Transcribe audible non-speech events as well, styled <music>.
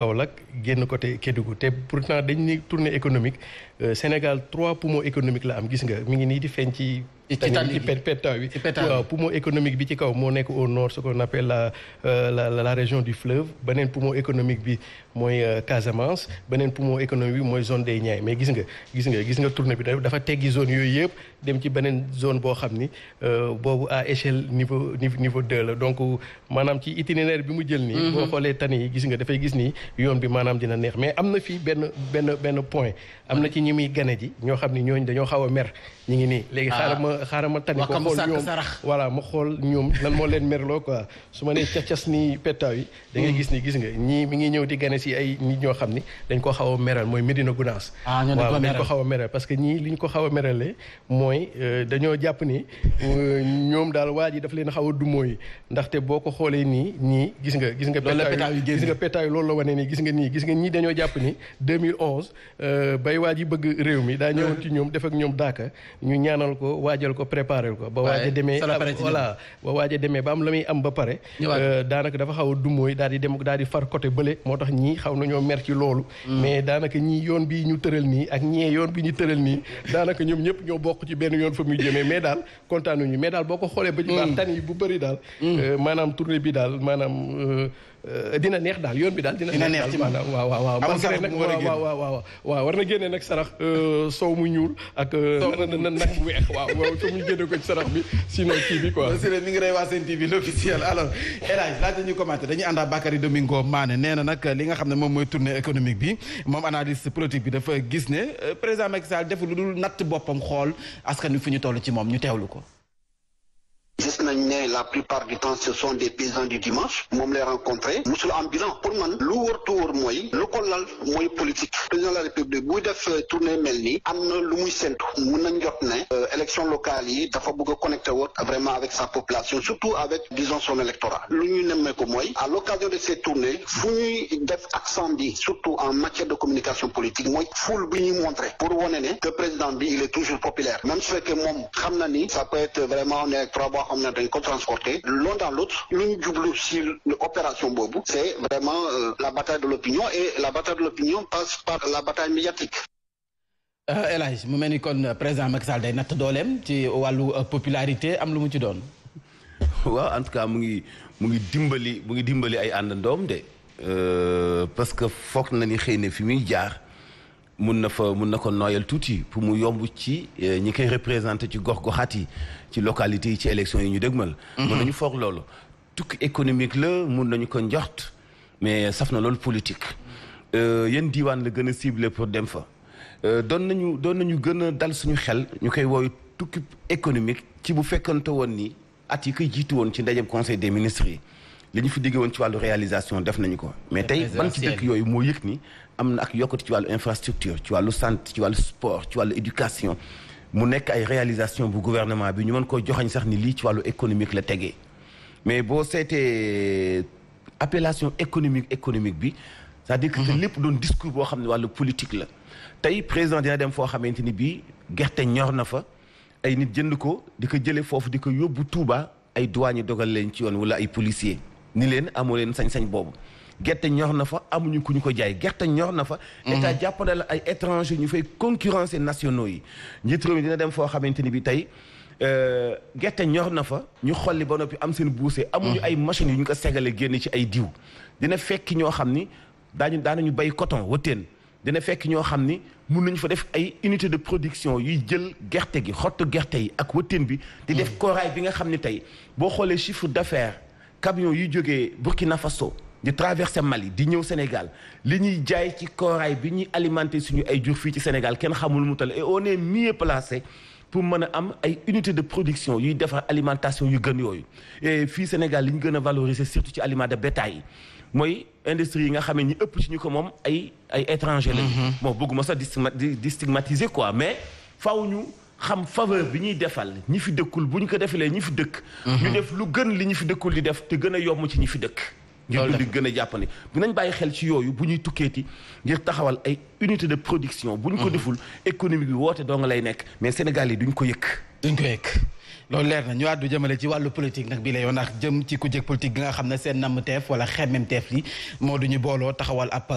Kaolack génn côté Kédougou te pour pourtant dañ ni tournée économique euh, Sénégal troit poumons économique la am gis nga mu ngi nii di feeñ ci Italie ci économique bi ci kaw moo nekk au nord ce qu'on appelle la euh, la la région du fleuve beneen poumon économique bi mooy euh, Casamance beneen poumon économique bi mooy zone des Niayes mais gis nga gis nga gis nga tournée bi dafa teggi zone yooyu yëpp dem ci beneen zone boo xam ni euh, boobu a échelle niveau niveau deux la donc maanaam ci itinéraire bi mu jël nii. Mm-hmm. boo xoolee tani yi gis nga dafay gis nii yoon bi maanaam dina neex mais am na fii benn benn benn point am na ci ñi muy gane ji ñoo xam ni ñooñu dañoo xaw a mer xaaral ma tani ko xool ñoom voilà ma xool moo leen merloo quoi su ma nee cacas ni pettaaw yi ngay hmm. gis ni gis nga ñii mi ngi ñëw di gane si ay nit ñoo xam ni dañ ko xaw a meral mooy Médina Gounass ah, waaw dañ ko xaw a meral que ñii li ñu ko xaw a meralee mooy euh, dañoo jàpp ni euh, ñoom daal waa ji daf leen xaw a yi ndaxte boo ko xoolee nii ñii gis nga gis nga pettaaw yi gis nga pettaaw yi loolu la wane nii gis nga nii gis nga ñii dañoo jàpp ni 2011 euh, bay waa ji bëgg réew mi daa ñëwoon ñoom def ak ñoom daaka ñu ñaanal ko waajal waajal ko préparer ko ba waaj a demee voilà ba waaj a demee ba am la muy am ba pare euh, daanaka dafa xaw dumooy daal di dem daal di far côté bële moo tax ñii xaw nañoo mer ci loolu mm. mais daanaka ñii yoon bi ñu tëral nii ak ñee yoon bi ñu tëral nii daanaka ñoom ñëpp ñoo bokk ci benn yoon fa muy jëmee mais daal kontaan nañu mais daal boo ko xoolee ba ci baax mm. tan yi bu bëri daal mm. euh, maanaam tournée bi daal maanaam euh, dina neex daal yoon bi daal dina neex ci maanaam waaw waaw waaw malgré nag waaw waaw waaw war na génne nag sarax sow mu ñuul ak nag mu weex waaw il faut mu génne ko ci sarax bi sinon kii bi quoi. monsieur le mi ngi rey waa seen TV l'officiel alors El Hadj laata ñuy commenté dañuy ànd ak Bakary Domingo Mané nee na nag li nga xam ne moom mooy tournée économique bi moom analyste politique bi dafa gis ne euh, président Macky Sall def lu dul natt boppam xool askan wi fu ñu toll ci moom ñu teewlu ko. gis nañ ne la plupart du temps ce sont des paysans du dimanche moom lay rencontré musul am pour man lu wërtu wër mooy politique président la république buy euh, tournée mel nii am na lu muy séntu ne euh, élection locale yi dafa bëgg a connecté woot vraiment avec sa population surtout avec disons son électorat lu ñu nemmee ko à l'occasion de ces tournées fu ñuy def accent bi surtout en matière de communication politique mooy foule bi ñuy xam ne dañ ko transporter l'un dans l'autre lu ñu si opération boobu c'est vraiment euh, la bataille de l'opinion et la bataille de l'opinion passe par la bataille médiatique euh, El mu mel ni kon président Macky day natt dooleem ci wàllu euh, popularité am lu mu ci doon <laughs> waaw en tout cas mu ngi mu ngi dimbali mu ngi dimbali ay àndandoom de parce que foog na ni xëy na fi muy jaar mun na fa mun na ko nooyal tuuti pour mu yomb ci eh, ñi koy représenté ci gox goxaat yi ci localité yi ci élection yi ñu dégmal. Mhm. mun ñu foog loolu. tukki économique la mun nañu ko njort mais saf na loolu politique. Euh, yéen diwaan la gën a ciblé pour dem fa. Euh, doon nañu doon nañu gën a dal suñu xel ñu koy wooyu tukki économique ci bu fekkante woon nii at yi koy jiitu woon ci ndajem conseil des ministres yi. li ñu fi digge woon ci wàllu réalisation def nañu ko mais tey ban ci dëkk yooyu moo yëg ni am na ak yokkute ci wàllu infrastructure ci wàllu sant ci wàllu sport ci wàllu éducation mu nekk ay réalisation bu gouvernement bi ñu mën koo joxañ sax ni lii ci wàllu économique la tegee mais boo seetee appellation économique économique bi sa à dire que te mhm. lépp doon discours boo xam ne wàllu politique la tey président dina dem foo xamante ni bii gerte ñor na fa ay nit jënd ko di ko jële foofu di ko yóbbu Touba ay douane dogal leen ci yoon wala ay policiers ni leen amu leen sañ-sañ boobu gerte ñor na fa amuñu ku ñu ko jaay gerte ñor na fa mhm. état jàppandal ay étranger ñu fay concurrencer nationaux yi njiit réew mi dina dem foo xamante ni bi tey euh, gerte ñor na fa ñu xolli ba noppi am seen buuse amuñu mhm. ay machines yu ñu ko segale génn ci ay diw dina fekk ñoo xam ni daañu daanañu bay coton wëttéen dina fekk ñoo xam ni mun nañu fa def ay unité de production yuy jël gerte gi xottu gerte yi ak wëttéen bi di def kooraay mhm. bi nga xam ni tey boo xoolee chiffre d'affaires camion yi jógee Burkina Faso di traversé Mali di ñëw Sénégal li ñuy jaay ci kooraay bi ñuy alimenté suñu ay jur fii ci Sénégal kenn xamul mu tal et on est mieux placé pour mën a am ay unité de production yuy defar alimentation yu gën yooyu et fii Sénégal li ñu gën a valoriser surtout ci aliment de bétail yi mooy industrie yi nga xam ne ñi ëpp ci ñu ko moom ay ay étranger lañu. moo mm-hmm. bëgguma sax di di stigmatiser quoi mais faaw ñu. xam faveur bi ñuy defal ñi fi dëkkul bu ñu ko defalee ñi fi dëkk. Mhm. ñu def lu gën li ñi fi dëkkul di def te gën a yomb ci ñi fi dëkk. ngir dund gën a jàppandi dinañ bàyyi xel ci yooyu bu ñuy tukkeeti ngir taxawal ay unité de production. bu ñu ko mhm. deful économie bi woote doo nga lay nekk mais Sénégal yi duñ ko yëkk. duñ ko yëkk. loolu leer na ñu àddu jëmale ci wàllu politique nag bi lay yoon ndax jëm ci ku jëkk politique gi nga xam ne seen namm teef wala xemmem teef li moo duñu booloo taxawal ab